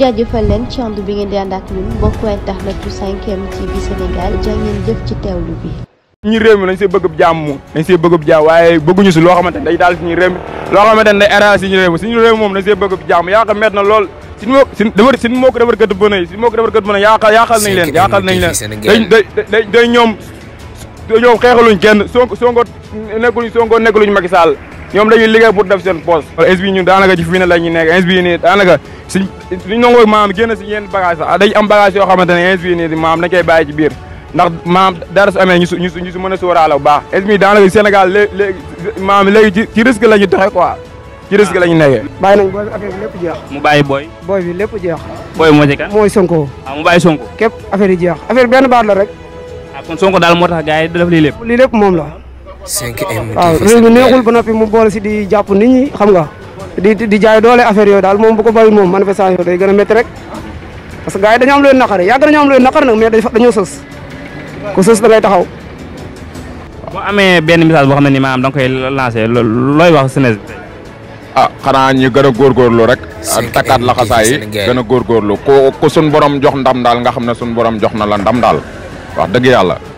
jaajëfal leen ci bi ngeen di ànd ak ñun mbokku internet bu ci bëgg jàmm dañ see bëgg jàmm waaye bëgguñu si loo xamante ne day daal suñu réew mi loo xamante ne day arrangé suñu moom dañ see jàmm yaakaar met na lool suñu moo suñu defar suñu moo ko defar kër bu ne suñu moo ko defar kër bu ne yaakaar yaakaar nañ leen yaakaar nañ leen day day day ñoom ñoom xeexaluñ kenn Sonko Sonko nekkuluñ Sonko nekkuluñ ñoom dañuy liggéey pour def seen poste wala ins daanaka ci fii ne la ñu nekk ins bi nii daanaka suñ suñ nangoo maam génn si yenn bagage sax dañ am bagage yoo xamante ne ins bi nii maam dañ koy biir ndax maam dara su amee ñu su ñu su mën a sóoraale bu baax ins bi daanaka Sénégal léegi maam léegi ci risque la ñu doxee quoi ci risque la ñu nekkee bàyyi nañ booy bi affaire bi mu bàyyi booy booy bi lépp jeex booy moo ci kan mooy Sonko waaw ah, mu bàyyi Sonko képp affaire yi jeex affaire benn baat la rek ah, Sonko daal moo tax gars yi def lii lépp lii 5M waaw réew mi neexul ba noppi boole si di jàpp nit xam nga di di jaay doole affaire yooyu daal moom bu ko bàyyi moom manifestation day gën a métti rek parce que gars yi dañoo am lu leen naqare yàgg nañoo am lu leen naqare nag mais dañoo sës ku sës da ngay taxaw. boo amee benn message boo xam ne ni maanaam da nga koy lancé looy wax jeunesse bi. ah xanaa ñu gën a góorgóorlu rek. takkaat laxasaay yi gën a góorgóorlu ku ku sunu borom jox ndam daal nga xam ne sunu borom jox na la ndam daal wax dëgg yàlla.